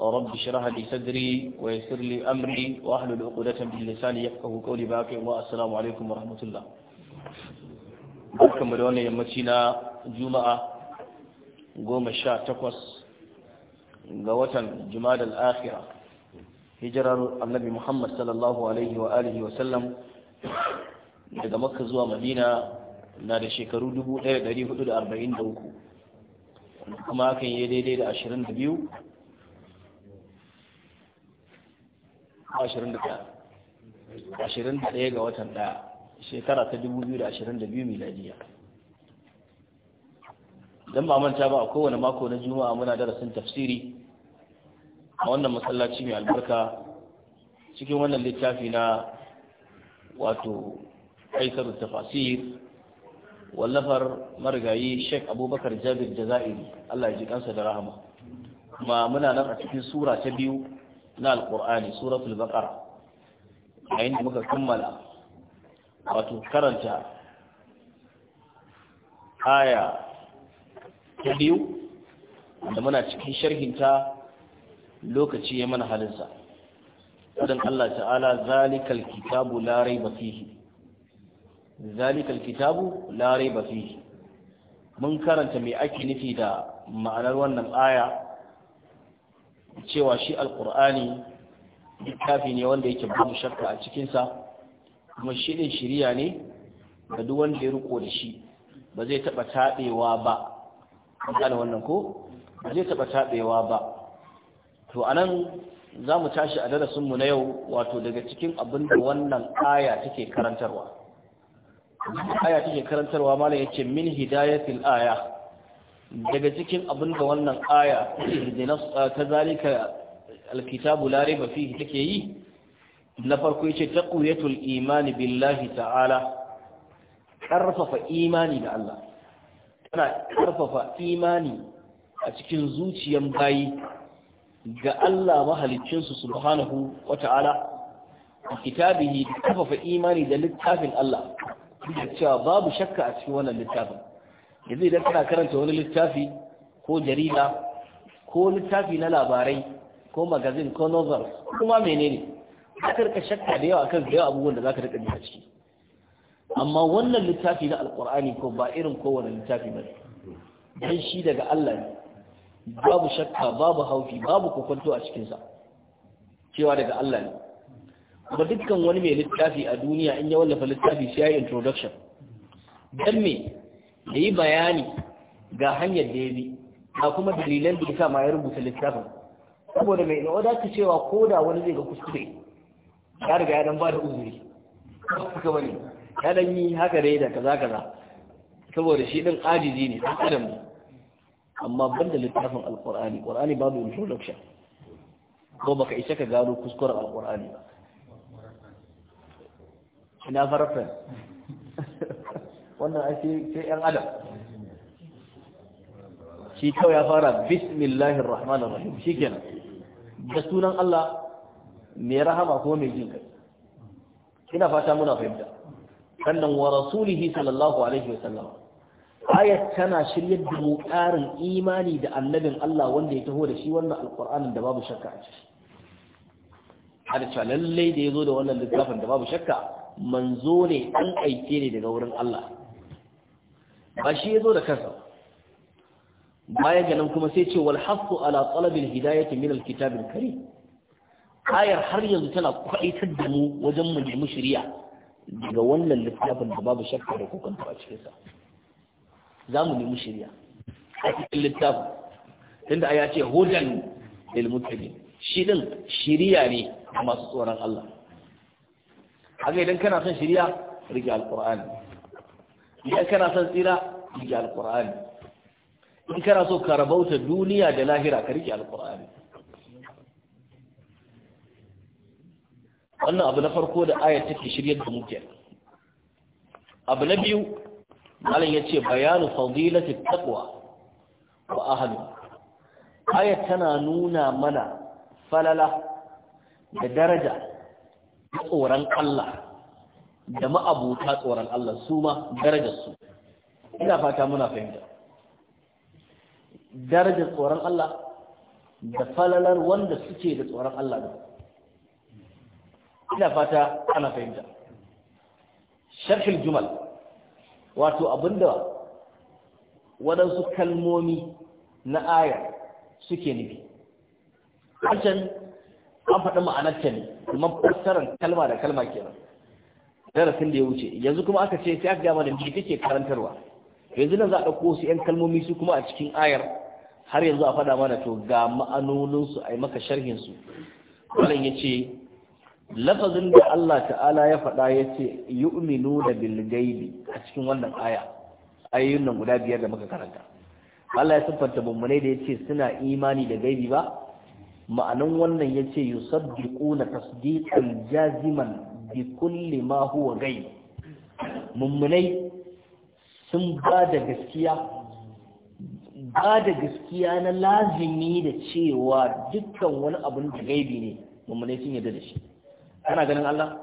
رب اشرح لي صدري ويسر لي امري واحلل عقدة من لساني يفقهوا قولي باقي والسلام عليكم ورحمة الله barkanmu da yammaci na juma'a goma sha takwas ga watan jumada al'akhira hijirar annabi muhammad sallallahu alaihi wa sallam daga makka zuwa madina na da shekaru 1443 kuma hakan yi daidai da 22 21 ga watan ɗaya shekara ta 2022 miladiya don ba manta ba a kowane mako na juma'a muna darasin tafsiri a wannan masallaci mai albarka cikin wannan littafi na wato aikar tafasir wallafar marigayi sheik abubakar jabir jaza'iri allah ya ji kansa da rahama ma muna nan a cikin sura ta biyu na alkur'ani suratul baqara yayin da muka kammala wato karanta aya ta biyu da muna cikin sharhinta lokaci ya mana halinsa Wadan Allah ta'ala zalikal kitabu Larai raiba zalikal kitabu Larai raiba mun karanta mai ake nufi da ma'anar wannan aya cewa shi alkur'ani littafi ne wanda yake babu shakka a cikinsa kuma shi ɗin shirya ne ga duk wanda ya riko da shi ba zai taɓa taɓewa ba gane wannan ko ba zai taɓa taɓewa ba to a nan za mu tashi a darasinmu na yau wato daga cikin abin da wannan aya take karantarwa aya take karantarwa malam yace min hidayatil aya daga cikin abin da wannan aya ta zalika alkitabu la raiba fihi take yi na farko ta ƙuyatul imani billahi ta'ala ƙarfafa imani da Allah tana karfafa imani a cikin zuciyan bayi ga Allah subhanahu wa ta'ala, a kitabihi karfafa imani da littafin Allah duk cewa babu shakka a cikin wannan littafin yanzu idan kana karanta wani littafi ko jarida ko littafi na labarai ko magazin ko novel kuma menene aka rika shakka da yawa akan da yawa abubuwan da zaka rika a ciki amma wannan littafi na alkur'ani ko ba irin kowane littafi ba dan shi daga Allah ne babu shakka babu haufi babu kokonto a cikin sa cewa daga Allah ne ba dukkan wani mai littafi a duniya in ya wallafa littafi sai ya introduction dan me da yi bayani ga hanyar da ya bi ga kuma dalilan da ya sa ma ya rubuta littafin saboda mai na wadata cewa ko da wani zai ga kuskure ya riga ya dan ba da uzuri suka bane ya dan yi haka dai da kaza kaza saboda shi din ajiji ne dan adam ne amma banda littafin alqur'ani qur'ani babu introduction ko baka isa ka gano kuskuren alqur'ani ba ina farafin wannan ake sai yan adam shi kawai ya fara bismillahir rahmanir rahim shikenan da sunan Allah mai rahama ko mai jin kai ina fata muna fahimta sannan wa rasulihi sallallahu alaihi wasallam ayat tana shiryar da mu imani da annabin Allah wanda ya taho da shi wannan alqur'anin da babu shakka a ciki har cewa lallai da ya zo da wannan littafin da babu shakka manzo ne an aike ne daga wurin Allah ba shi ya zo da kansa bayan ganin kuma sai ce wal ala talabil hidayati min alkitab alkarim ayar har yanzu tana kwaitar da mu wajen mu nemi shari'a daga wannan littafin da babu shakka da kokanta a cikin sa za mu nemi shari'a a cikin littafin tunda aya ce hudan lil shi din shari'a ne ga masu tsoron Allah haka idan kana son shari'a rike alqur'ani idan kana son tsira rike alkur'ani in kana so ka rabauta duniya da lahira ka rike alkur'ani wannan abu na farko da ta take shiryar da muke abu na biyu malam ya yace bayanu fadilati taqwa wa ahli ayat tana nuna mana falala da daraja tsoron Allah da ma'abuta tsoron Allah su ma darajarsu ina fata muna fahimta darajar tsoron Allah da falalar wanda suke da tsoron Allah da ina fata ana fahimta sharhil jumal wato abinda waɗansu kalmomi na aya suke nufi harshen an faɗi ma'anarta ne kuma fassarar kalma da kalma kenan darasin da ya wuce yanzu kuma aka ce sai aka gama da me take karantarwa yanzu nan za a ɗauko su yan kalmomi su kuma a cikin ayar har yanzu a faɗa mana to ga ma'anoninsu a yi maka sharhinsu wannan ya ce lafazin da Allah ta'ala ya faɗa ya ce yu'minu da gaibi a cikin wannan aya ayoyin nan guda biyar da muka karanta Allah ya siffanta mummune da ya ce suna imani da gaibi ba ma'anan wannan ya ce yusabbiquna tasdiqan jaziman bi kulli ma huwa gai mummunai sun ba da gaskiya ba da gaskiya na lazimi da cewa dukkan wani abin da gaibi ne mummunai sun yarda da shi kana ganin Allah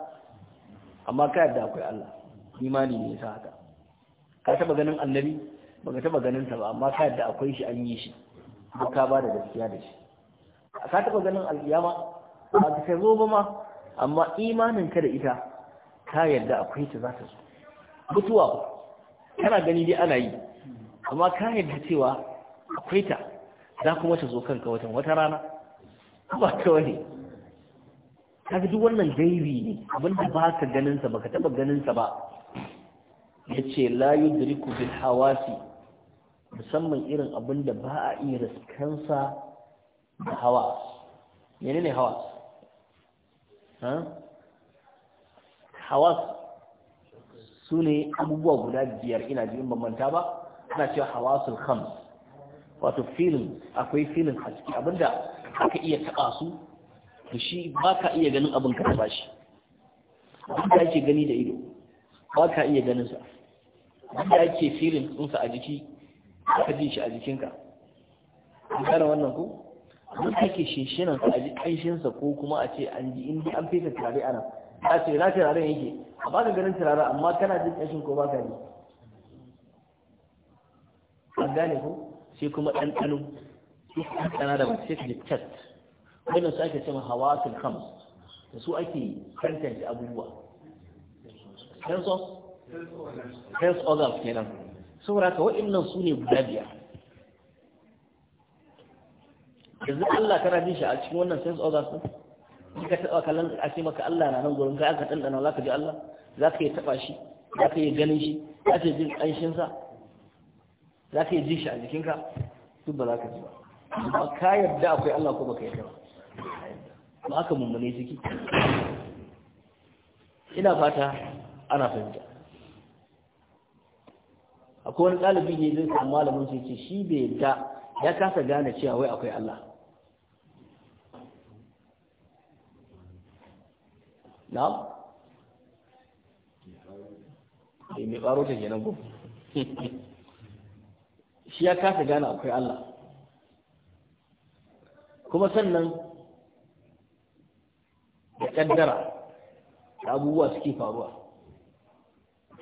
amma ka yarda akwai Allah imani ne yasa haka ka taba ganin annabi baka taba ganin sa ba amma ka yarda akwai shi an yi shi ka ba da gaskiya da shi ka taba ganin alkiyama ba ka zo ba ma amma imanin ka da ita ka yarda akwai ta za ta zo mutuwa ba kana gani dai ana yi amma ka yarda cewa akwai ta za kuma ta zo kanka watan wata rana ba kawai ne kaga duk wannan gaibi ne abinda ba ka ganinsa ba baka taba ganinsa ba ba yace layu yudriku bil hawasi musamman irin abinda ba a iya raskansa, da hawa menene hawa hawas su ne abubuwa guda biyar ina ji in bambanta ba ana cewa hawasul khams wato filin akwai filin a ciki abinda aka iya taba su to shi ba ka iya ganin abin ka taba shi abin da ake gani da ido ba ka iya ganin sa abin da ake filin ɗinsa a jiki ka ji shi a jikinka an gane wannan ku mun ake shishinan a ji kanshinsa ko kuma a ce an ji inda an fesa turare ana a ce na turaren yake a ba ka ganin turare amma kana jin kanshin ko ba ka ji an gane ko sai kuma ɗanɗano sai ɗanɗana da ba sai ka ji test wannan su ake cewa hawasul khams da su ake tantance abubuwa sense of sense organs kenan saboda ka waɗannan su ne guda biyar yanzu Allah kana jin shi a cikin wannan sense organ din ka taba kallon a ce maka Allah na nan gurin ka aka dandana zaka ji Allah zaka yi taba shi zaka yi ganin shi zaka yi jin ƙanshin sa zaka yi ji shi a jikinka duk ba zaka ji ba amma ka yarda akwai Allah ko baka yarda ba ba aka mummune ciki ina fata ana fahimta akwai wani ɗalibi ne zai samu malamin sai ce shi bai yarda ya kasa gane cewa wai akwai Allah na? Eh, mai ɓaro ta nan ko shi ya kasa gane akwai Allah kuma sannan da ƙaddara abubuwa suke faruwa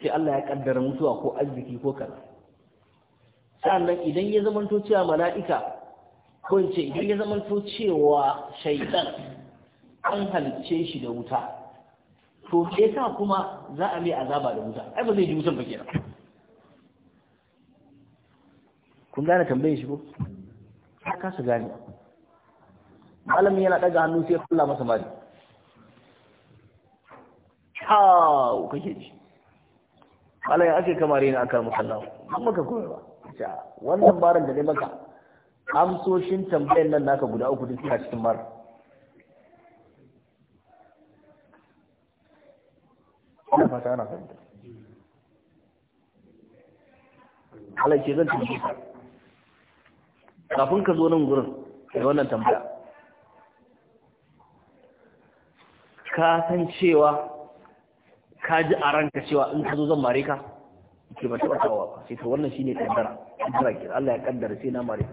sai Allah ya ƙaddara mutuwa ko arziki ko kaza sannan idan ya zamanto cewa mala'ika ko in ce idan ya zamanto cewa shaitan an halce shi da wuta to me ta kuma za a mai azaba da wuta ai ba zai ji wutan ba kenan kun gane tambayin shi ko ka kasa gane malami yana daga hannu sai kula masa mari Kawo kake ji malami ake kamar yana aka musallawa amma ka koyarwa ta ah, wannan barin da ne maka amsoshin tambayar nan naka guda uku duk suna cikin mara ina fata ana fahimta halarci zan tambaye ka kafin ka zo nan gurin kai wannan tambaya ka san cewa ka ji a ranka cewa in ka zo zan mare ka ke ba taɓa kawowa ba sai ta wannan shi ne kaddara kaddara ke Allah ya kaddara sai na mare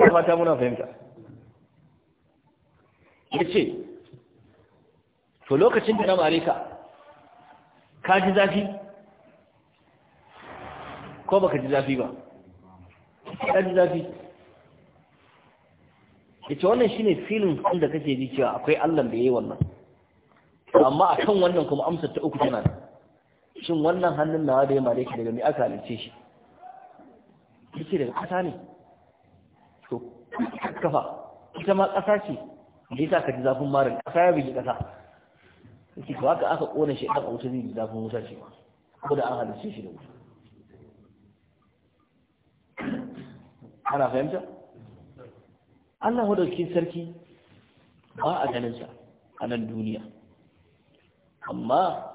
ya fata muna fahimta ya ce to lokacin da na mare ka ka ji zafi ko baka ji zafi ba ka ji zafi yace wannan shine filin din da kake ji cewa akwai Allah da yayi wannan amma a kan wannan kuma amsar ta uku tana shin wannan hannun nawa da ya mare ki daga mai aka halice shi yace daga kasa ne to kafa ita ma kasa ce da yasa ka ji zafin marin kasa ya bigi kasa yace to haka aka kona shi dan auta zai zafin wuta ce ko da an halice shi da wuta ana fahimta Allah dauki sarki ba a ganinsa a nan duniya amma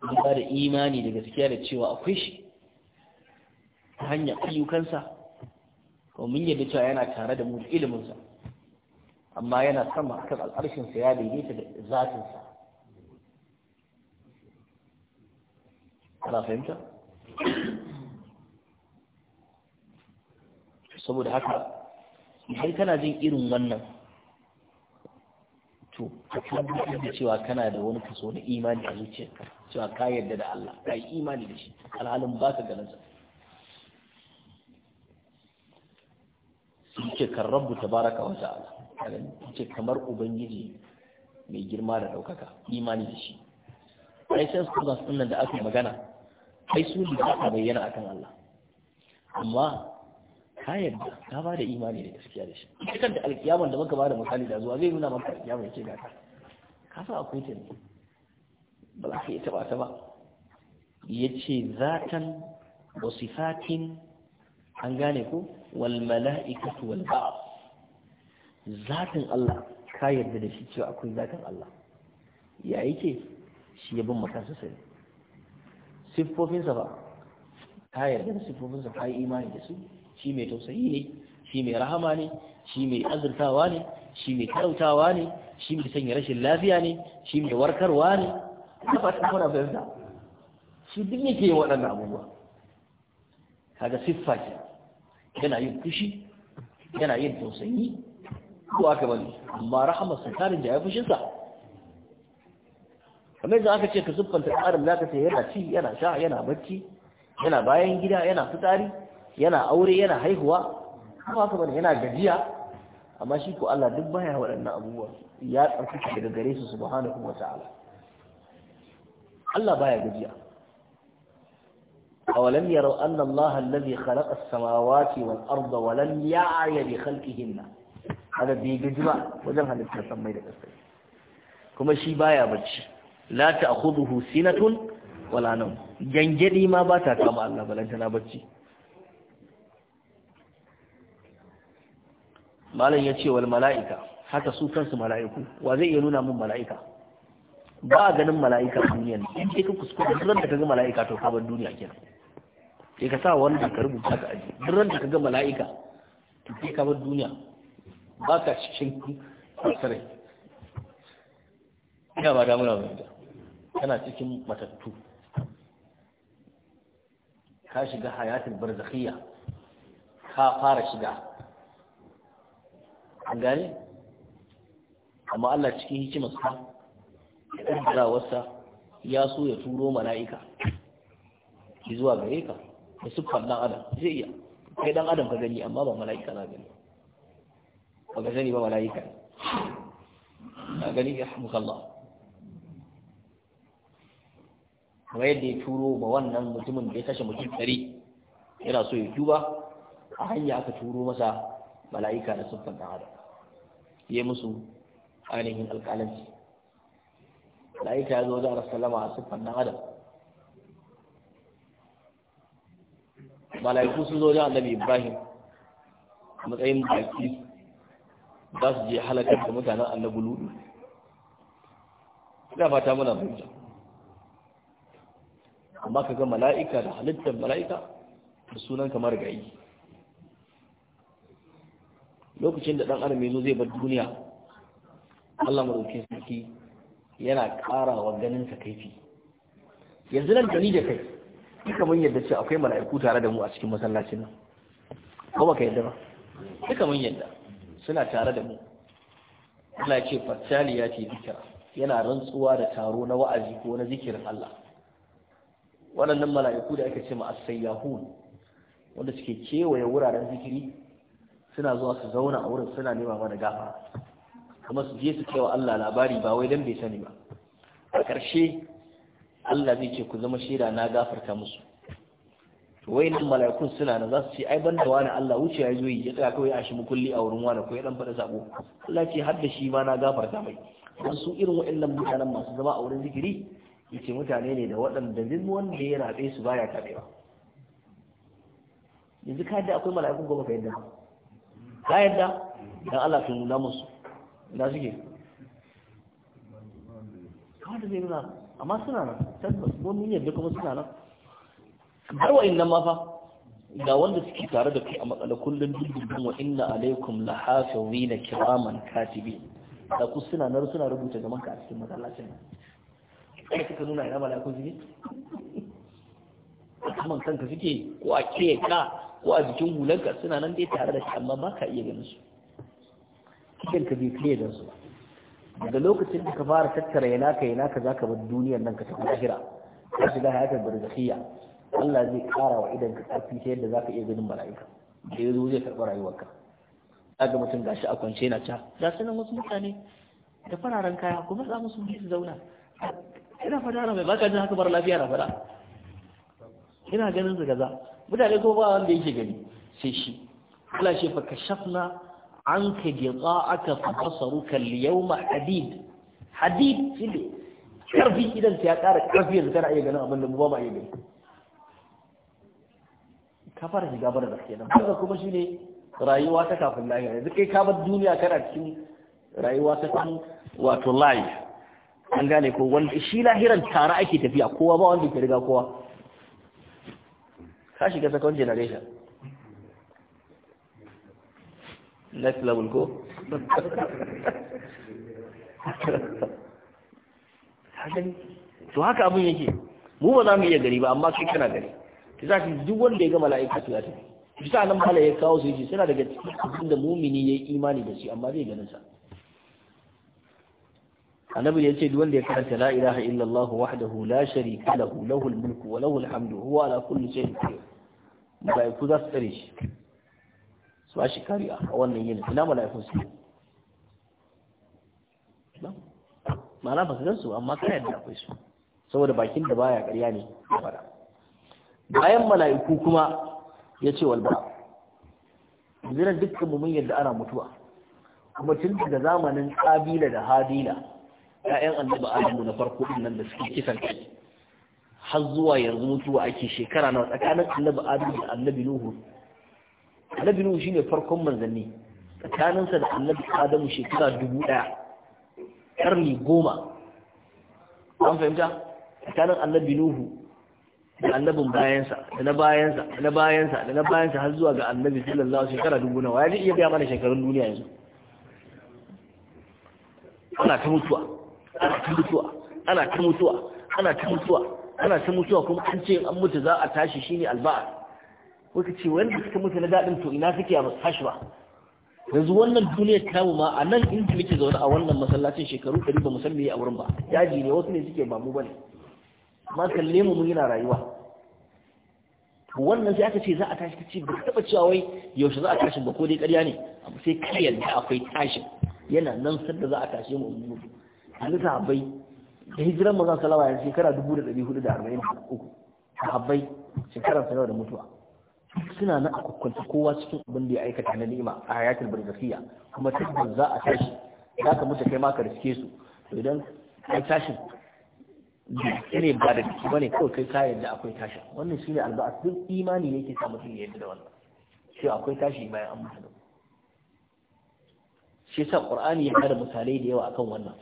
ba da imani da gaskiya da cewa akwai shi ta hanyar ayyukansa domin yadda cewa yana tare da mu iliminsa amma yana sama kan al'arshinsa ya daidaita da zatinsa ana fahimta saboda haka idan kana jin irin wannan to ka tabbatar da cewa kana da wani kaso na imani a zuciyarka cewa ka yarda da Allah ka yi imani da shi alhalin ba ka ganin sa yake kan rabbu tabaraka wa ta'ala yake kamar ubangiji mai girma da daukaka imani da shi ai san su nan da aka magana ai su da aka bayyana akan Allah amma ka yarda ka ba da imani da gaskiya da shi ita kanta alkiyaman da muka ba da misali da zuwa zai nuna maka alkiyama ya ce ga ka ka sa a kotun ba za ka iya taba ta ba ya ce zatan wasifatin an gane ku wal mala'ikatu wal ba'd zatin Allah ka yarda da shi cewa akwai zatin Allah ya yake shi ya bin makansa sai siffofinsa ba ka yarda da siffofinsa ka yi imani da su shi mai tausayi ne shi mai rahama ne shi mai azurtawa ne shi mai karautawa ne shi mai sanya rashin lafiya ne shi mai warkarwa ne ta fata kuna bayanta shi duk yake yin waɗannan abubuwa kaga siffa ce yana yin fushi yana yin tausayi ko aka bane amma rahamar sa tarin da ya fushin sa kamar da aka ce ka siffanta tsarin da ka ce yana ci yana sha yana bacci yana bayan gida yana fitari yana aure yana haihuwa ba haka yana gajiya amma shi ko Allah duk baya waɗannan abubuwa ya tsarki ka daga gare su subhanahu wa ta'ala Allah baya gajiya aw lam yaraw anna Allah alladhi khalaqa as-samawati wal arda wa lam ya'ya bi khalqihinna hada bi gajiba wajen halitta samai da kasai kuma shi baya bacci la ta'khudhuhu sinatun wala nawm gangadi ma bata kama Allah balantana barci. malam ya ce wal mala'ika haka su kansu mala'iku wa zai iya nuna mun mala'ika ba a ganin mala'ika a duniyan in ka kuskure duk ran da ka ga mala'ika to ka bar duniya kenan sai ka sa wanda ka rubuta ka aji duk ran da ka ga mala'ika to sai ka bar duniya ba ka cikin sarai ina ba damuna ba kana cikin matattu ka shiga hayatul barzakhiyya ka fara shiga an gane amma Allah cikin hikimarsa ƙaddarawarsa ya so ya turo mala'ika ki zuwa gare ka da siffar ɗan adam zai iya kai ɗan adam ka gani amma ba mala'ika na gani ba ka gani ba mala'ika na gani ya kalla. kuma yadda ya turo ba wannan mutumin da ya kashe mutum ɗari yana so ya tuba a hanya aka turo masa mala'ika da siffar ɗan adam ya musu ainihin alƙalanci mala'ika ya zo da salama a siffar na adam mala'iku sun zo da annabi ibrahim a matsayin baki za su je halakar da mutanen annabi ludu ina fata muna fahimta amma ka ga mala'ika da halittar mala'ika da sunan kamar gayi lokacin da ɗan adam zai bar duniya Allah madaukakin sarki yana ƙara wa ganin sa kaifi yanzu nan gani da kai duka mun yadda cewa akwai mala'iku tare da mu a cikin masallacin nan ko baka yadda ba duka mun yadda suna tare da mu Allah ce fatali ya ce zikira yana rantsuwa da taro na wa'azi ko na zikirin Allah waɗannan mala'iku da aka ce ma as-sayyahun wanda suke kewaye wuraren zikiri suna zuwa su zauna a wurin suna nema mana gafara kuma su je su kai wa Allah labari ba wai dan bai sani ba a ƙarshe Allah zai ce ku zama shaida na gafarta musu to wai nan mala'ikun suna nan za su ce ai banda wani Allah wuce ya zo yi ya tsaya kawai a shi mukulli a wurin wani ko ya dan faɗa sabo Allah ce har da shi ma na gafarta mai Wasu su irin waɗannan mutanen masu zama a wurin zikiri yace mutane ne da waɗanda duk wanda ya rabe su baya tabewa yanzu ka da akwai mala'ikun goma ka yadda ka yadda dan Allah ka nuna musu ina suke kawai da zai nuna amma suna nan tabbas mun yadda kuma suna nan har inna ma fa ga wanda suke tare da kai a matsala kullum dindindin wa inna alaikum lahafizina kiraman katibi. da ku suna nan suna rubuta ga maka a cikin masallacin nan kai suka nuna ina malakun suke kaman kanka suke ko a ke ka ko a jikin hulanka suna nan dai tare da shi amma ba ka iya ganin su kidan ka bai kai da su daga lokacin da ka fara tattara yana ka yana ka zaka bar duniyar nan ka tafi lahira ka shiga hayatar barzakhiyya Allah zai kara wa idan ka karfi ta yadda zaka iya ganin mala'ika da yazo zai karɓa rayuwarka kaga mutum gashi a kwance yana ta ga sanan wasu mutane da fararen kaya kuma za mu musu su zauna ina fada mai baka jin haka bar lafiya na fada ina ganin su gaza mutane ko ba wanda yake gani sai shi Allah shi fa kashafna anka gida'aka fa basaruka al-yawma hadid hadid shine karfi idan ta ya ƙara karfi da kana iya ganin abin da mu ba ma iya gani ka fara shiga bar da kenan haka kuma shine rayuwa ta kafin lahira yanzu kai ka bar duniya kana cikin rayuwa ta kan wato life an gane ko wanda shi lahiran tare ake tafiya kowa ba wanda ke riga kowa ka shiga second generation next level ko to haka abun yake mu ba za mu iya gari ba amma kai kana gari ki za ki duk wanda ya ga mala'ika ya tafi bisa nan mala'ika ya kawo su yi suna daga cikin abin da mumini yayi imani da shi amma zai ganin sa annabi ya ce duk wanda ya karanta la ilaha illallah wahdahu la sharika lahu lahu almulku wa lahu alhamdu huwa ala kulli shay'in qadir malaiku za su tsare shi su ba shi kariya a wannan yin ina malaikun su ma'ana ba su su amma kai yadda akwai su saboda bakin da baya ƙarya ne ya fara bayan mala'iku kuma ya ce walba ziran dukkan mu mun yadda ana mutuwa kuma tun daga zamanin ƙabila da hadila ƴaƴan annabi adamu na farko din nan da suke kisan kai har zuwa yanzu mutuwa ake shekara nawa tsakanin annabi adamu da annabi nuhu annabi nuhu shine farkon manzanni tsakaninsa da annabi adamu shekara dubu ɗaya ƙarni goma an fahimta tsakanin annabi nuhu da annabin bayansa da na bayansa da na bayansa da na bayansa har zuwa ga annabi sallallahu shekara dubu nawa ya iya gaya mana shekarun duniya yanzu ana ta mutuwa ana ta mutuwa ana ta mutuwa ana ta mutuwa ana ta mutuwa kuma an ce an mutu za a tashi shine alba'a wata ce wanda suka mutu na daɗin to ina suke a ba tashi ba yanzu wannan duniyar tamu ma a nan inda muke zaune a wannan masallacin shekaru ɗari ba musamman ya a wurin ba yaji ne wasu ne suke ba mu bane amma kalle mu muna yana rayuwa wannan sai aka ce za a tashi ce ba taɓa cewa wai yaushe za a tashi ba ko dai ƙarya ne sai kai yadda akwai tashin yana nan sanda za a tashi mu mutu da sahabbai da hijiran maza salawa ya shekara 1443 sahabbai shekarar sa da mutuwa suna na akwakwanta kowa cikin abin da ya aikata na ni'ima a hayatul barzakhiya kuma tabbas za a tashi za ka mutu kai ma ka riske su to idan kai tashin da ne ba da jiki bane kawai kai ka yadda akwai tashin wannan shine alba'as duk imani ne ke sa mutum ya yadda da wannan shi akwai tashi bayan an mutu shi yasa qur'ani ya bada misalai da yawa akan wannan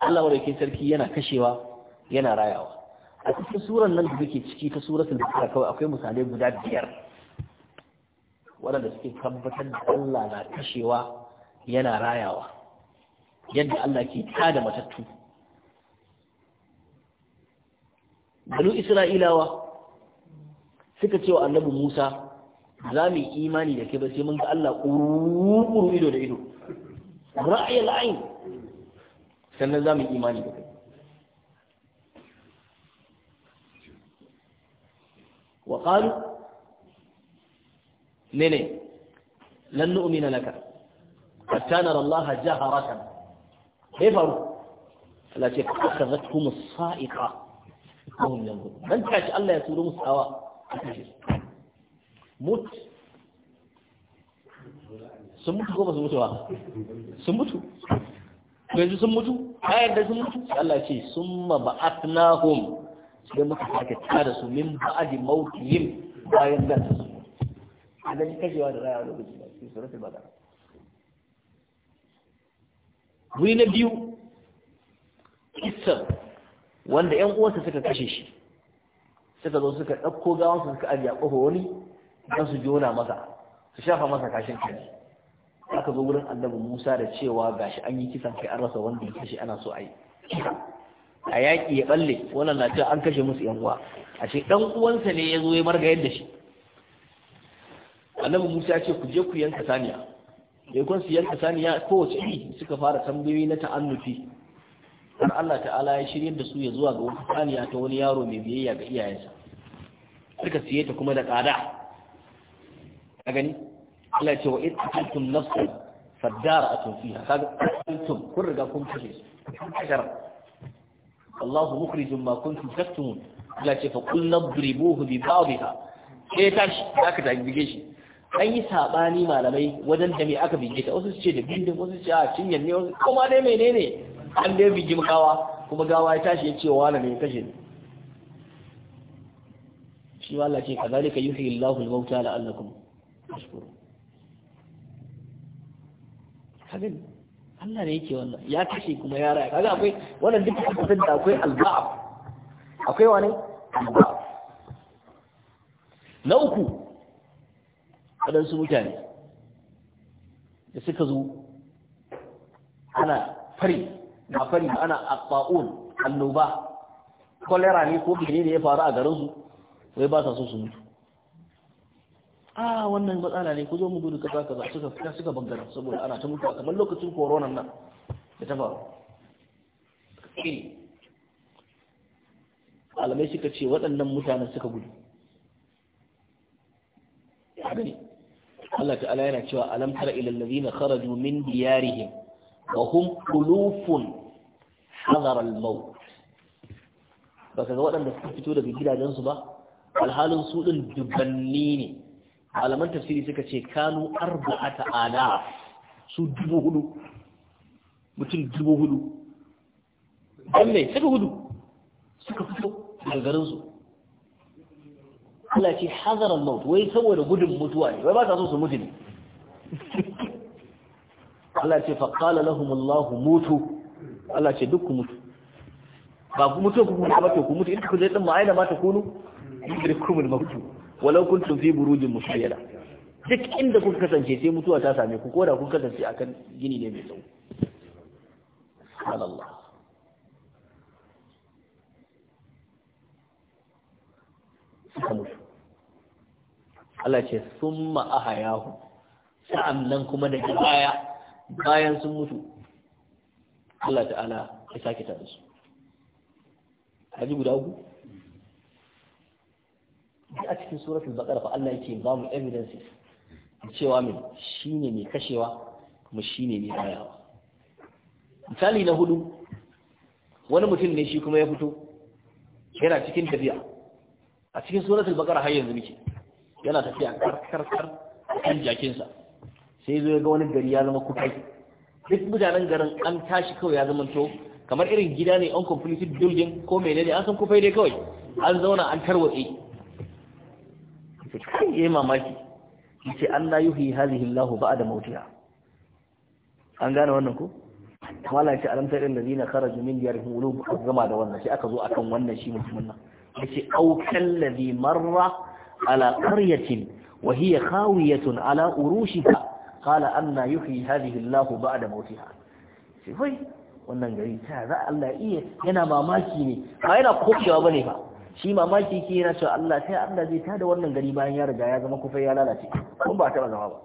Allah madaukakin sarki yana kashewa yana rayawa a cikin suran nan da muke ciki ta suratul bakara kawai akwai misalai guda biyar waɗanda suke tabbatar da Allah na kashewa yana rayawa yadda Allah ke tada matattu Bani isra'ilawa suka ce wa annabi Musa za mu yi imani da ke ba sai mun ga Allah ƙuru ido da ido ra'ayil ayn sannan za mu yi imani da kai wa qalu mene lan nu'mina laka hatta nara Allah jaharatan kai faru Allah ce akhadhatkum as-sa'iqa hum yanzur dan tashi Allah ya turo musu hawa mut sun mutu ko ba su mutu ba sun mutu yanzu sun mutu bayan da sun mutu Allah ce summa ba'atnahum sai muka sake tada su min ba'adi mautihim bayan da su alaji kajewa da raya lokaci da su suratul baqara wuri na biyu kissa wanda 'yan uwansa suka kashe shi suka zo suka ɗauko gawansa suka ajiye kofa wani don su jona masa su shafa masa kashin kai aka zo wurin annabi Musa da cewa gashi an yi kisan kai an rasa wanda ya kashe ana so a a yaƙi ya balle wannan na cewa an kashe musu yan uwa ashe dan uwansa ne ya zo ya marga yadda shi annabi Musa ya ce ku je ku yanka saniya da kun su yanka saniya kowace iri suka fara tambayoyi na ta'annufi har Allah ta'ala ya shirye da su ya zuwa ga wata saniya ta wani yaro mai biyayya ga iyayensa suka siye ta kuma da tsada a gani Allah ce wa in kuntum nafsan fadara'atun fiha kaga kuntum kun riga kun kashe ashara Allahu mukhrijum ma kuntum taktumun Allah ce fa qul nadribuhu bi ba'dha sai tashi zaka ta bige shi an yi sabani malamai wajen da me aka bige ta wasu su ce da bindin wasu su ce a cinyan ne wasu kuma dai menene an dai bige makawa kuma gawa ya tashi ya ce wa ne kashe ne shi Allah ce kazalika yuhyi Allahu al-mauta la'allakum tashkurun kaga Allah ne yake wannan ya kashe kuma ya raya kaga akwai wannan duk kusan da akwai alba'a akwai wani alba'a na uku waɗansu mutane da suka zo ana fari na fari ana akpa'un annoba kolera ne ko ne ya faru a garinsu wai ba sa so su mutu a ah, wannan matsala ne ku zo mu gudu kaza kaza suka fita suka bangara saboda ana ta mutuwa kamar lokacin corona nan da ta faru alamai suka ce waɗannan mutanen suka gudu Ya gani Allah ta'ala yana cewa alam tara ila allazina kharaju min diyarihim wa hum qulufun hadar al-maut baka ga waɗanda suka fito daga gidajensu ba alhalin su din dubanni ne malaman tafsiri suka ce kanu arba'ata alaf su dubu hudu mutum dubu hudu don mai suka hudu suka fito daga garinsu Allah ce hazar mautu, maut wai saboda gudun mutuwa ne wai ba ta so su mutu ne Allah ce faqala lahum Allah mutu Allah ce duk ku mutu ba ku mutu ku mutu ba to ku mutu in ku je din ma'aina ma ta kunu idrikumul mutu. walau kuntum fi burujin mushayyada duk inda kuka kasance sai mutuwa ta same ku ko kuka kasance akan gini ne mai tsawo subhanallah suka mutu Allah ce summa ahayahu sa'annan kuma da baya bayan sun mutu Allah ta'ala ya sake tare su haji guda uku duk a cikin suratul baqara fa Allah yake ba mu evidences cewa min shine mai kashewa kuma shine mai bayawa misali na hudu wani mutum ne shi kuma ya fito yana cikin tafiya a cikin suratul baqara har yanzu muke yana tafiya kar kar kar kan jakinsa sai zo ga wani gari ya zama kufai duk mutanen garin an tashi kawai ya zama to kamar irin gida ne on completed building ko menene an san kufai dai kawai an zauna an tarwatse ce kai yayi mamaki yace Allah yuhi hadhihi Allahu ba'da mautiha an gane wannan ko wala ce alam tayil ladina kharaju min diyarihim ulub gama da wannan sai aka zo akan wannan shi mutumin nan yace au kallazi marra ala qaryatin wa hiya khawiyatun ala urushiha qala anna yuhi hadhihi Allahu ba'da mautiha sai wai wannan gari ta za Allah iya yana mamaki ne ba yana kokewa bane ba shi mamaki ke yana cewa Allah sai Allah zai tada wannan gari bayan ya riga ya zama kufai ya lalace kun ba ta zama ba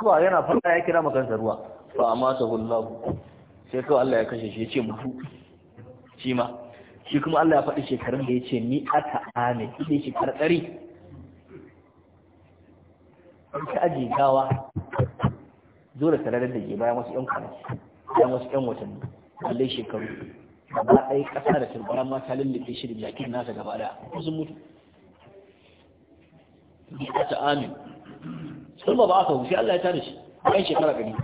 kuma yana fara ya kira makansa ruwa fa amata hullahu sai kawai Allah ya kashe shi ya ce mutu shi ma shi kuma Allah ya faɗi shekarun da ya ce ni aka ame ita shekar ɗari ta aji gawa zo da sararin da ke bayan wasu ƴan kwanaki bayan wasu ƴan watanni lallai shekaru gaba ɗaya ƙasa da turbara ma ta lullube shi da jakin nasa gaba ɗaya sun mutu ya ta amin sulma ba aka wuce Allah ya tare shi bayan shekara gani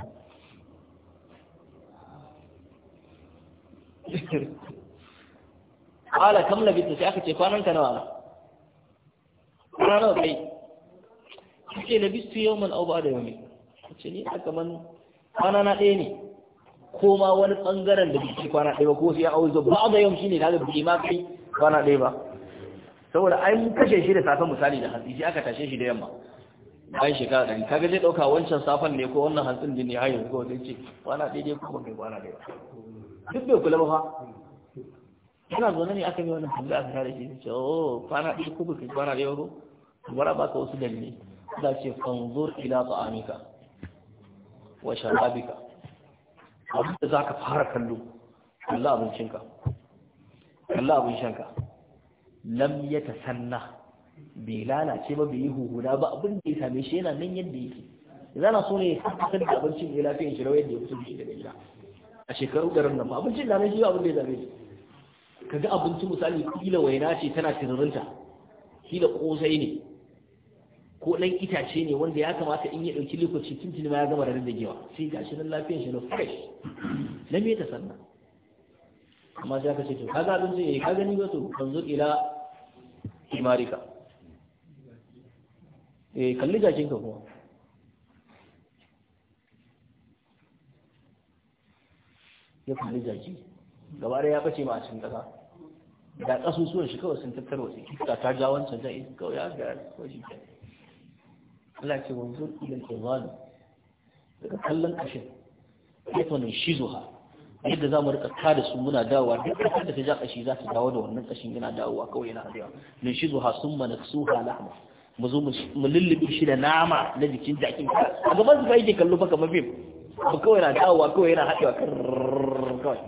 ala kam na labita sai aka ce kwanan ka nawa kwana nawa kai kace labistu yawman da yau ne. kace ni aka kaman. kwana na ɗaya ne ko ma wani ɓangaren da jiki kwana ɗaya ba ko sai ya auzo ba da yau ne kaga bai ma kai kwana ɗaya ba saboda ai mun kashe shi da safen misali da hantsi aka tashe shi da yamma bayan shekara ɗari kaga zai ɗauka wancan safen ne ko wannan hantsin din ne hayo ko kawai ce kwana ɗaya dai kuma kai kwana ɗaya duk bai kula ba fa ina zaune ne aka yi wannan hantsi aka tare shi ce oh kwana ɗaya ko kai kwana ɗaya ko bara ka wasu dalilai da ce fanzur ila ta'amika wa sharabika abin da za ka fara kallo kalla abincinka kalla abin lam ya ta sanna bai lalace ba bai yi huhuna ba abin da ya same shi yana nan yadda yake zana so ne hakan da abincin ya lafiya shi rawar yadda ya fito shi da gida a shekaru garin nan ba abincin da shi abin da ya same shi kaga abincin misali kila waina ce tana tiririnta kila kosai ne ko ɗan itace ne wanda ya kamata in ya ɗauki lokaci tuntuni ma ya gama da rarragewa sai ga shi nan lafiyar shi na fresh na me ta sannan amma sai aka ce to kaga abin zai ka gani ba to kan zo ila himarika eh kalli jakin ka kuma ya kalli jaki gaba ya bace ma a cikin ƙasa da ƙasusuwan shi kawai sun tattara sai kika ta ja wancan zai kawai ya ga kawai shi Allah ce wanzur ilal izali daga kallon kashin kaifa ne shizuha yadda za mu rika kada su muna dawowa duk kasar da ta ja kashi za ta dawo da wannan ƙashin, yana dawowa kawai yana dawowa ne sun mana su lahma mu zo mu lullube shi da nama na jikin jakin a gaban su fa yake kallo fa kamar bim ba kawai na dawowa kawai yana haɗewa kawai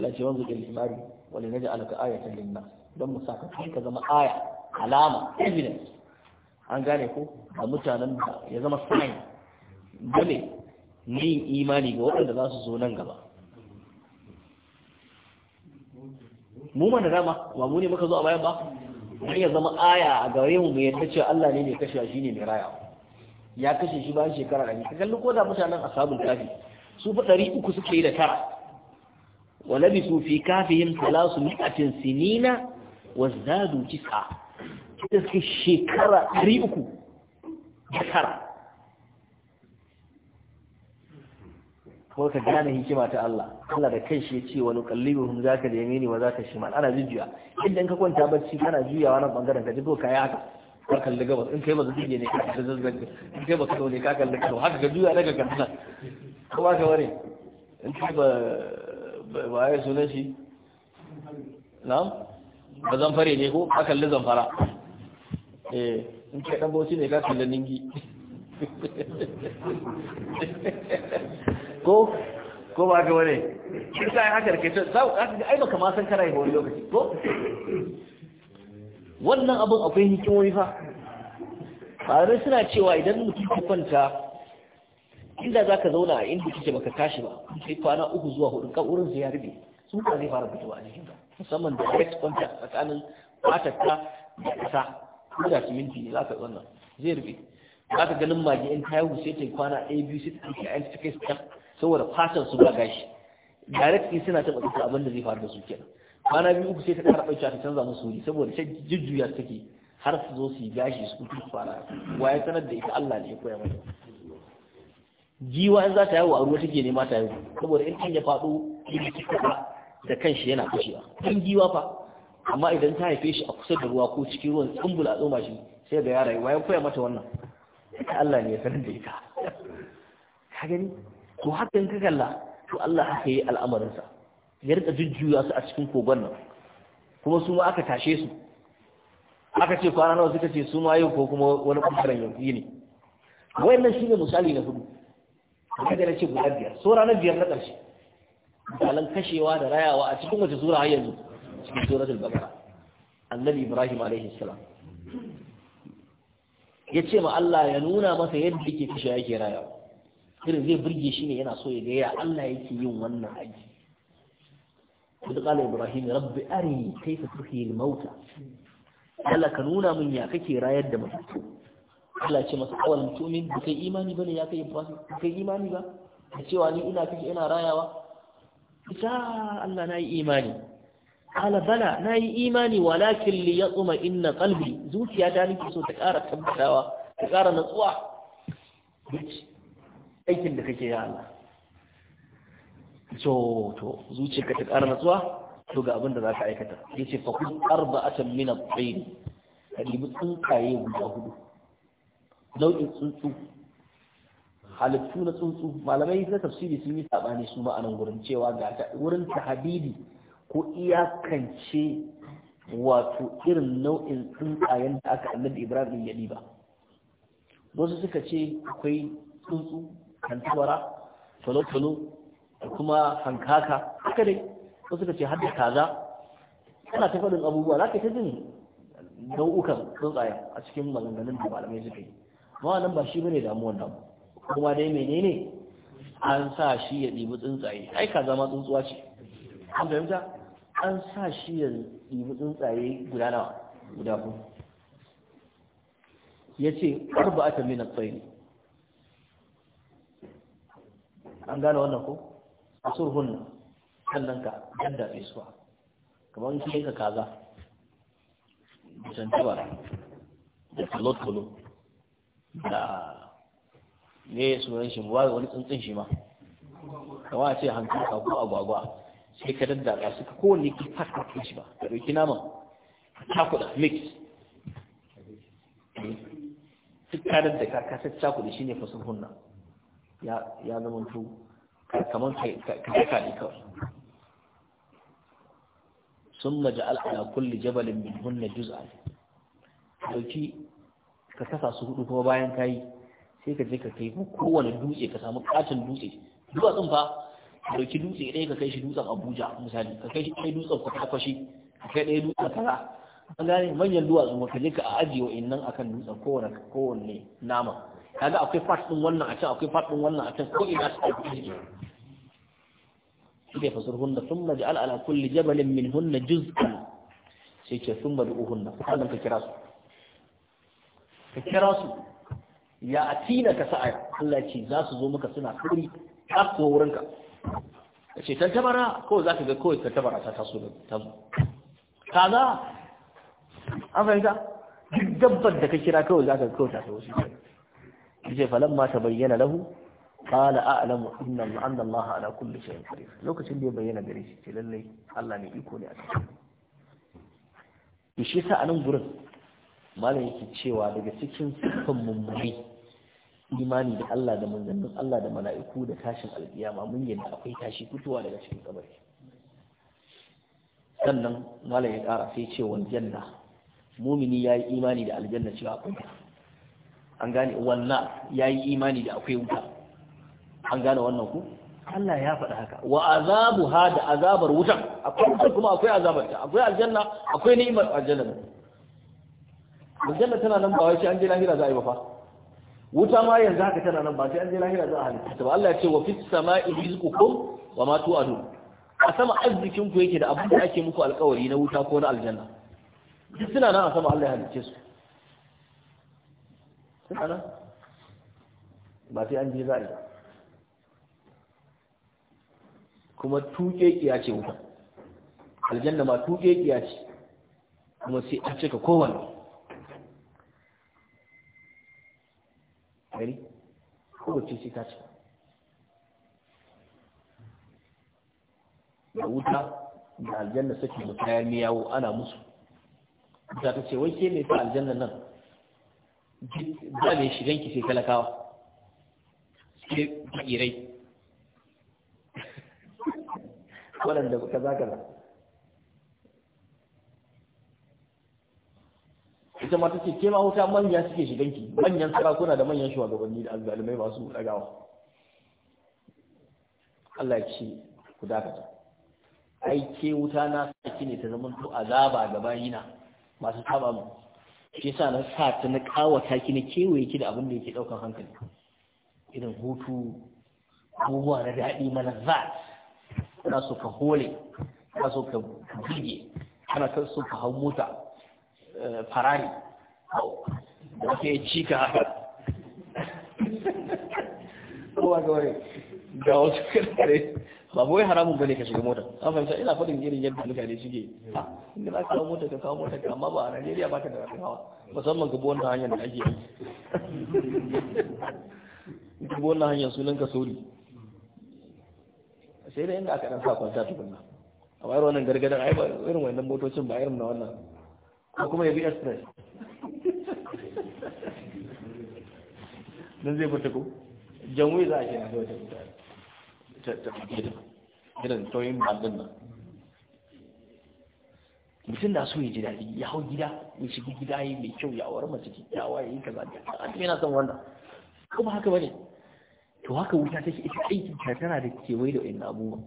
Allah ce wanzu ilal izali wani naja alaka ayatan linnas don mu sa ka saka ka zama aya alama evidence an gane ko a mutanen da ya zama sign dole yin imani ga waɗanda za su zo nan gaba mu ma da dama ba mu ne muka zo a bayan ba mun ya zama aya a gare mu mai yadda cewa Allah ne mai kashe shi ne mai raya ya kashe shi bayan shekara ɗari ka kalli ko da mutanen sabon kafi su fa ɗari uku suke yi da tara wa labisu fi kafihim thalasu mi'atin sinina wa zadu tis'a da suke shekara ɗari uku da tara kuma ka gane hikima ta Allah Allah da kai shi ya ce wani kallibu hun za ka yamini wa za ka shimal ana jujjuya inda in ka kwanta bacci kana juyawa nan bangaren ka jiko ka yi haka ka kalli gabas in kai ba zuciya ne ka kalli zazzage in kai ba kaso ne ka kalli kaso haka ka juya daga kansa kuma ka ware in kai ba ba ya sunan shi na ba zamfare ne ko ka kalli zamfara Ee, eh, in kai dan bauchi ne ka kalla ningi ko ko ba ga wani in yi haka da kai za ka ai baka ma san kara yi wani lokaci ko wannan abin akwai hikimomi fa bare suna cewa idan mutum ka kwanta inda za ka zauna a inda kike baka tashi ba sai kwana uku zuwa hudu wurin su ya rube sun ka zai fara fitowa a jikinka musamman da ya kwanta tsakanin fatarka da ƙasa ko da siminti ne za ka wannan zai rufe za ka ganin mage in ta haihu sai ta kwana a b sai ta ɗauki a yanci kai su saboda fatan su ba gashi direct in suna taɓa ɗauka abin da zai faru da su kenan kwana biyu uku sai ta ƙara ɗauki ta canza musu wuri saboda ta jujjuya take har su zo su yi gashi su kutu fara wa ya sanar da ita Allah ne ya koya mata jiwa in za ta yawo a ruwa take nema ta yawo saboda in kan ya faɗo in da kanshi yana kashewa in jiwa fa amma idan ta haife shi a kusa da ruwa ko cikin ruwan tsumbul a tsoma shi sai ga ya rayu wayan koya mata wannan Allah ne ya sanar da ita ka gani to hakan ka kalla to Allah haka yi al'amarinsa ya rika jujjuya su a cikin kogon nan kuma su ma aka tashe su aka ce kwana nawa suka ce su ma yau ko kuma wani yau yi ne wayannan shi ne misali na hudu da na ce guda biyar so ranar biyar na ƙarshe misalan kashewa da rayawa a cikin wace sura har yanzu cikin suratul baqara annabi ibrahim alaihi salam ya ce ma Allah ya nuna masa yadda yake kashe yake raya irin zai burge shi ne yana so ya ga ya Allah yake yin wannan aiki duk qala ibrahim rabbi arini kayfa tuhyi al-mauta Allah ka nuna min ya kake rayar da mutum Allah ce masa awalan tumin ba kai imani bane ya kai ba kai imani ba a cewa ni ina kake ina rayawa ita ah, Allah na yi imani qala bala yi imani walakin li yatma inna qalbi zuciya ta nake so ta ƙara tabbatawa ta ƙara natsuwa aikin da kake ya Allah to to zuciyarka ta ƙara natsuwa to ga abin da za ka aikata ya ce fa kun arba'atan min al-tsayin ka ɗibi tsuntsaye guda hudu nau'in tsuntsu halittu na tsuntsu malamai na tafsiri sun yi sabani su ma a nan gurin cewa ga wurin tahadidi ko iyakance wato irin nau'in tsuntsayen da aka annabi ibrahim ya ɗiba wasu suka ce akwai tsuntsu kantabara tolotolo da kuma hankaka haka dai wasu suka ce har da kaza kana ta faɗin abubuwa za ka ta jin nau'ukan tsuntsaye a cikin maganganun da malamai suka yi amma nan ba shi bane damuwar nan kuma dai menene an sa shi ya ɗibi tsuntsaye ai kaza ma tsuntsuwa ce an fahimta an sa shi ya ɗibi tsuntsaye guda nawa guda ku? ya ce arba aka mina tsayi an gane wannan ko a surhun sannan ka yadda fesuwa kamar in ka kaza da santuwa da kalotolo da ne sunan shi ba wani tsuntsun shi ma kama a ce hankali ko agwagwa sai ka daddaka su ka kowanne ki fat ka ba ka dauki naman cakuda mix eh, duk ka daddaka ka sai cakuda shine fasul hunna ya ya zama to kamar kai ka daka ne kawai summa ja'al ala kulli jabalin minhunna juz'an dauki ka kasa su hudu kuma bayan yi. sai ka je ka kai kowane dutse ka samu katin dutse duwatsun fa dauki dutse ɗaya ka kai shi dutsen abuja misali ka kai shi ɗaya dutsen ku kakwashi ka kai ɗaya dutsen kaza an gane manyan duwatsu ka je ka ajiye wa innan akan dutsen kowane kowane nama kaga akwai fat ɗin wannan a can akwai fat ɗin wannan a can ko ina su ajiye shi sai fasar hunna thumma ja'al ala kulli jabalin min hunna juz'an sai ce thumma du'uhunna sannan ka kira su ka kira su ya atina ka sa'a Allah ce za su zo maka suna kuri ka wurinka ka ce tantabara kawai za ka ga kawai tantabara ta taso da ta zo kaza an fahimta duk dabbar da ka kira kawai za ka ga kawai ta taso shi ce falamma ta bayyana lahu qala a'lamu inna anna allaha ala kulli shay'in qadir lokacin da ya bayyana gare shi ce lallai Allah ne iko ne a cikin shi sa a nan gurin malam yake cewa daga cikin sifan mummuri? imani da Allah da manzannin Allah da mala'iku da tashin alkiyama mun yadda akwai tashi fitowa daga cikin kabari sannan malam ya ƙara sai ce wal janna mumini yi imani da aljanna cewa akwai an gane ya yi imani da akwai wuta an gane wannan ku Allah ya faɗa haka wa azabu ha da azabar wutan akwai wutan kuma akwai azabar ta akwai aljanna akwai ni'imar aljanna aljanna tana nan ba wai sai an je lahira za a yi ba fa wuta ma yanzu haka tana nan ba sai an je lahira za a halitta ta ba Allah ya ce wa fis sama'i rizqukum wa ma tu'adu a sama arzikin ku yake da abin da ake muku alƙawari na wuta ko na aljanna duk suna nan a sama Allah ya halicce su suna nan ba sai an je za a yi kuma tuƙe kiya ce wuta aljanna ma tuƙe kiya ce kuma sai a cika kowanne ɗari ta da wuta da aljanna suke da kayan miyawo ana musu da ta ce wai ke ne ta aljanna nan ba mai shiganki wọ́n lè sai fa'irai waɗanda kaza ita ma ta ce ke ma wuta manya suke shiganki manyan sarakuna da manyan shugabanni da azzalumai masu ɗagawa Allah ce ku dakata ai ke wuta na saki ne ta zaman to azaba ga bayina masu saba mu shi yasa na sa ta na kawata ki na kewaye ki da abin da yake daukan hankali irin hutu abubuwa na daɗi mana za ka so ka hole ka so ka buge kana so ka hau mota farari da ya ci ka haka kowa ga wani ga wasu kare ba bai haramun bane ka shiga mota an fahimta ina faɗin irin yadda mutane suke inda za ka kawo mota ka kawo mota ka amma ba a najeriya ba ka da rafin hawa musamman gabo wannan hanyar da ake yi gabo wannan hanyar sunan ka sori sai da inda aka ɗan sa kwanta tukunna a bayar wannan gargadar ai ba irin wannan motocin ba irin na wannan ko kuma ya bi express dan zai fita ko jamuyi za a kira da wata ta ta da irin tauyin bandin nan mutum da so ya ji daɗi ya hau gida ya shiga gida ya mai kyau ya awar mace kyakkyawa ya yi kaza da an yana son wanda. Kuma haka bane to haka wuta take ita aikin ta tana da kewaye da wa'in abubuwa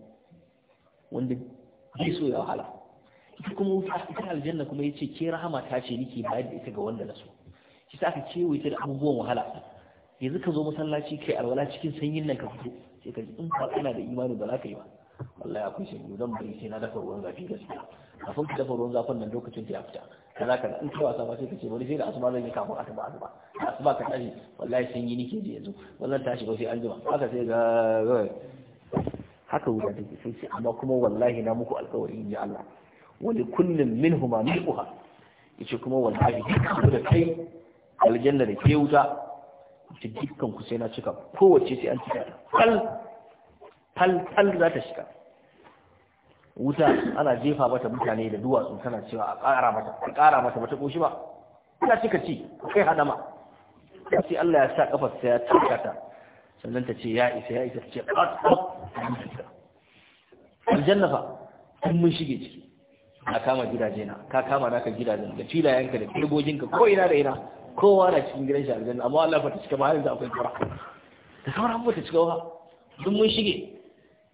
wanda bai so ya wahala kuma wuta ita aljanna kuma yace ke rahama ta ce nike bayar da ita ga wanda na so shi sa aka kewaye ta da abubuwan wahala yanzu ka zo masallaci kai alwala cikin sanyin nan ka fito sai ka ji in ba kana da imani ba za ka yi ba wallahi akwai shanyu zan bari sai na dafa ruwan zafi gaskiya kafin ka dafa ruwan zafin nan lokacin da ya fita kaza kaza in kai wasa ba sai ka ce wani sai da asuba zan yi kafin asuba asuba asuba ka tashi wallahi sanyi nike ji yanzu wannan tashi ba sai an jima haka sai ga haka wuta take sai amma kuma wallahi na muku alƙawari in ji Allah wani kullum min huma min uha yace kuma wallahi dukkan ku da kai aljanna da ke wuta ta dukkan ku sai na cika kowace sai an cika fal fal fal za ta shiga wuta ana jefa mata mutane da duwatsu tana cewa a ƙara mata a ƙara mata bata koshi ba ina cika ci kai hadama sai Allah ya sa kafar sa ya taka ta sannan ta ce ya isa ya isa ta ce aljanna fa kun mun shige ciki ka kama gidaje na ka kama naka gidajen da filayenka da kirgoginka ko ina da ina kowa na cikin gidan shi aljanna amma Allah ba ta cika mahalin da akwai fara da kamar an ba ta cika ba duk mun shige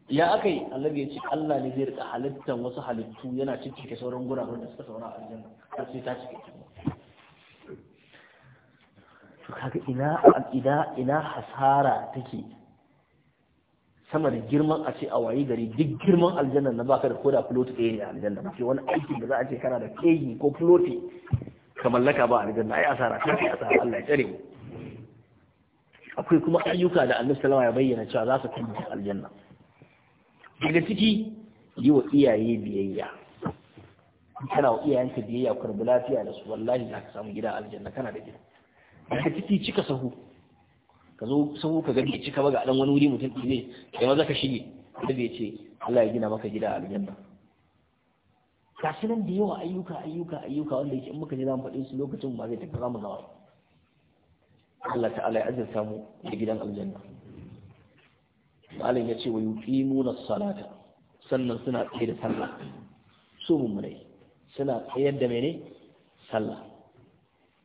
ya aka yi annabi ya ce Allah ne zai rika halittar wasu halittu yana cikin sauran guraren da suka saura aljanna har sai ta cike to kaga ina ina ina hasara take sama da girman a ce a wayi gari duk girman aljanna na baka da koda plot ne aljanna ba wani aikin da za a ce kana da keji ko ploti ka mallaka ba aljanna ai asara ta ce asara Allah ya tsare mu akwai kuma ayyuka da Annabi sallallahu ya bayyana cewa za su kai aljanna daga ciki yi wa iyaye biyayya kana wa iyayenka biyayya ku rabu lafiya da su wallahi za ka samu gida aljanna kana da gida daga ciki cika sahu ka zo sahu ka gani cika ba ga dan wani wuri mutum ne ya maza ka shige da bai ce Allah ya gina maka gida a aljanna Ka shi nan da yawa ayyuka ayyuka ayyuka wanda yake in muka ji zamu mu faɗi su lokacin ba zai tafi zamu zama Allah ta'ala ya azurta mu da gidan aljanna malam ya ce wa yuqimuna salata sannan suna tsaye da sallah su mummunai suna tsayar da mene sallah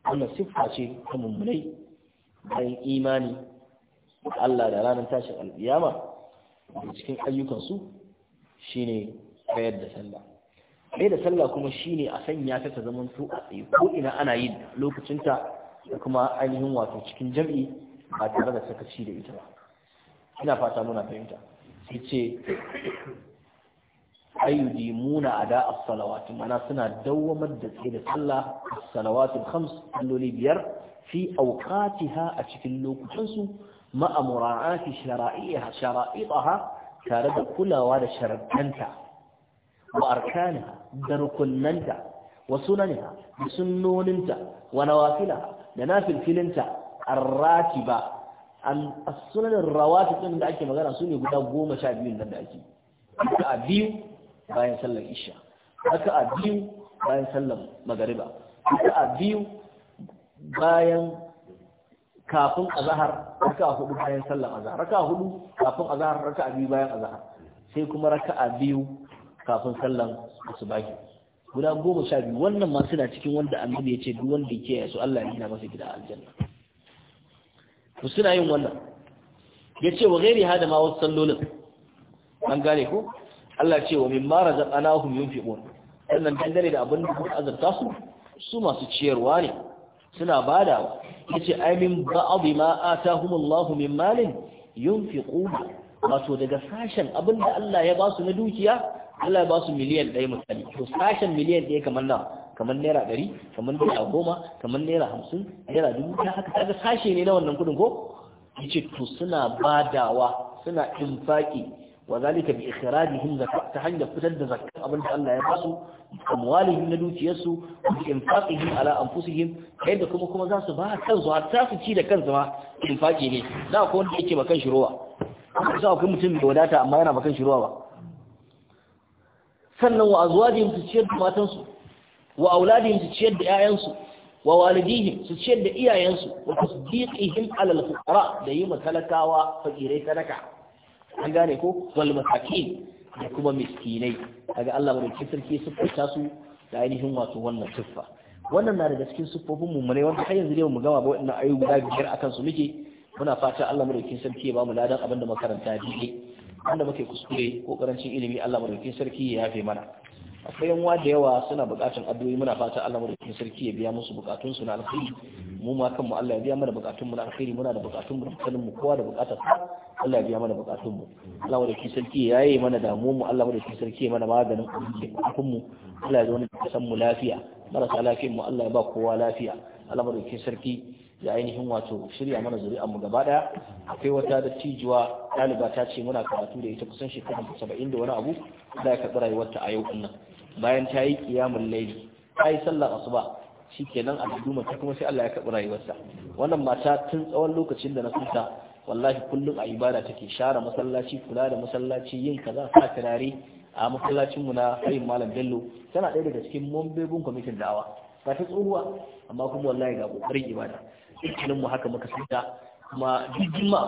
wannan siffa ce ta mummunai bayan imani Allah da ranar tashin alƙiyama cikin ayyukansu shi ne kayar da sallah kai da sallah kuma shi ne a sanya ta ta zaman su a tsaye ko ina ana yin lokacinta da kuma ainihin wato cikin jam'i ba tare da sakaci da ita ba ina fata muna fahimta sai ce ayyudi muna a da asalawatu mana suna dawwamar da tsaye da sallah asalawatu hamsu al-khams salloli biyar fi auqatiha a cikin lokutansu ma'a mura'ati shara'iyyaha shara'itaha tare da kulawa da sharaddanta wa arkanaha da rukunnanta wa sunaniha da sunnoninta wa nawafilaha da nafilfilinta ba. A sunanin rawatib din da ake magana sune guda goma sha biyu da ake a biyu bayan sallar isha haka a biyu bayan sallar magariba haka a biyu bayan kafin azahar raka hudu bayan sallar azahar raka hudu kafin azahar raka biyu bayan azahar sai kuma raka biyu kafin sallar asubahi guda goma sha biyu wannan ma suna cikin wanda annabi ya ce duk wanda ke su Allah ya masa gida aljanna to suna yin wannan ya ce wa gairi hada ma wasu sallolin an gane ko Allah ce wa min mara yunfiqun wannan dangane da abin da kuka azarta su su masu ciyarwa ne suna badawa yace ai min ba'd ma atahum Allah min malin yunfiquna wato daga sashen abinda Allah ya ba su na dukiya Allah ya ba su miliyan ɗaya misali to sashen miliyan ɗaya kamar nan kamar naira ɗari kamar naira goma kamar naira hamsin naira dubu ta haka kaga sashe ne na wannan kuɗin ko yace to suna badawa suna infaki wa zalika bi ikhrajihim zakat ta hanyar fitar da zakat abin da Allah ya ba su amwalihim na dukiyarsu bi infaqihim ala anfusihim kai da kuma kuma za su ba kansu hatta su ci da kansu ma infaqi ne a ko wanda yake bakan shi ruwa sai akwai mutum da wadata amma yana bakan shi ruwa ba sannan wa azwajihim su ciyar da matansu wa su ciyar da 'ya'yansu wa su ciyar da iyayensu wa tasdiqihim alal fuqara da yi matalakawa fakirai sadaka an gane ko wal masakin da kuma miskinai kaga Allah madaukakin sarki fita su da ainihin wato wannan tuffa wannan na daga cikin siffofin mummunai wanda har yanzu ne mu gama ba wannan ayu guda biyar akan su muke muna fata Allah madaukakin sarki ya bamu ladan abin da makaranta ne? wanda muke kuskure ko karancin ilimi Allah mu madaukakin sarki ya yafe mana akwai yanwa da yawa suna bukatun addu'o'i muna fata Allah mu sarki ya biya musu bukatun su na alkhairi mu ma kanmu Allah ya biya mana bukatun mu na alkhairi muna da bukatun mu dukkanin mu kowa da bukatar Allah ya biya mana bukatun mu Allah mu sarki ya yi mana da mu Allah mu sarki ya mana maganin kun mu Allah ya zauna da san mu lafiya marasa lafiyar mu Allah ya ba kowa lafiya Allah mu sarki ya ainihin wato shirya mana zuri'an mu gaba daya akwai wata dattijuwa ɗaliba ta ce muna karatu da ita kusan shekara 70 da wani abu da ya karɓi rayuwarta a yau nan bayan ta yi kiyamun laili ta yi sallar asuba shikenan a duma ta kuma sai Allah ya karɓi rayuwarsa wannan mata tun tsawon lokacin da na kusa wallahi kullum a ibada take share masallaci kula da masallaci yin kaza sa turare a masallacinmu na harin malam bello tana ɗaya daga cikin mambobin kwamitin da'awa ba ta tsohuwa amma kuma wallahi ga ƙoƙarin ibada ikinin mu haka muka sita kuma duk juma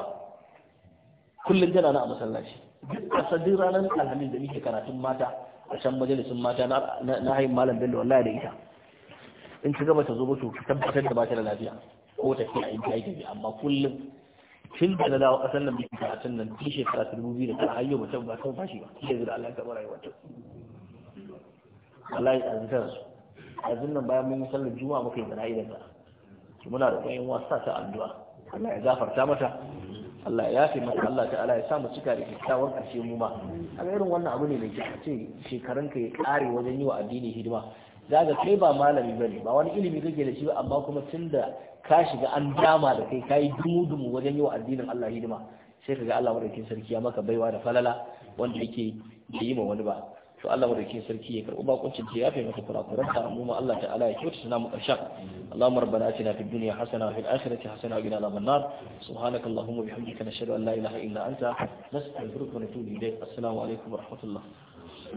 kullum tana na a masallaci duk duk ranar alhamis da muke karatun mata a can majalisun mata na hayin malam bello wallahi da ita in ka gaba ta zo ba to tabbatar da ba ta da lafiya ko ta fi a yi aiki amma kullum tun da na dawo kasar nan bikin karatun nan tun shekara ta dubu biyu da tara har yau mutum ba kan fashi ba shi yanzu da Allah ya taɓa rayuwar ta wallahi a zitar su a nan bayan mun sallar juma'a muka yi jana'izar ta muna da ƙwayin wasa ta addu'a Allah ya gafarta mata Allah ya fi maka Allah ta'ala ya samu cika da kyakkyawar ƙarshe mu ma a irin wannan abu ne mai kyau ce shekarun ka ya ƙare wajen yi wa addini hidima za ga kai ba malami ba ne ba wani ilimi kake da shi ba amma kuma tun da ka shiga an dama da kai ka yi dumudum wajen yi wa addinin Allah hidima sai ka ga Allah madaukin sarki ya maka baiwa da falala wanda yake ke yi ma wani ba to Allah madaukakin sarki ya karɓi bakuncin ta ya fi mata kurakuran ta Allah ta'ala ya kyautata namu ƙarshen Allahumma rabbana atina fid dunya hasana wa fil akhirati hasana wa qina adhaban nar subhanaka allahumma wa bihamdika nashhadu an la ilaha illa anta nastaghfiruka wa natubu ilayk assalamu alaikum wa rahmatullah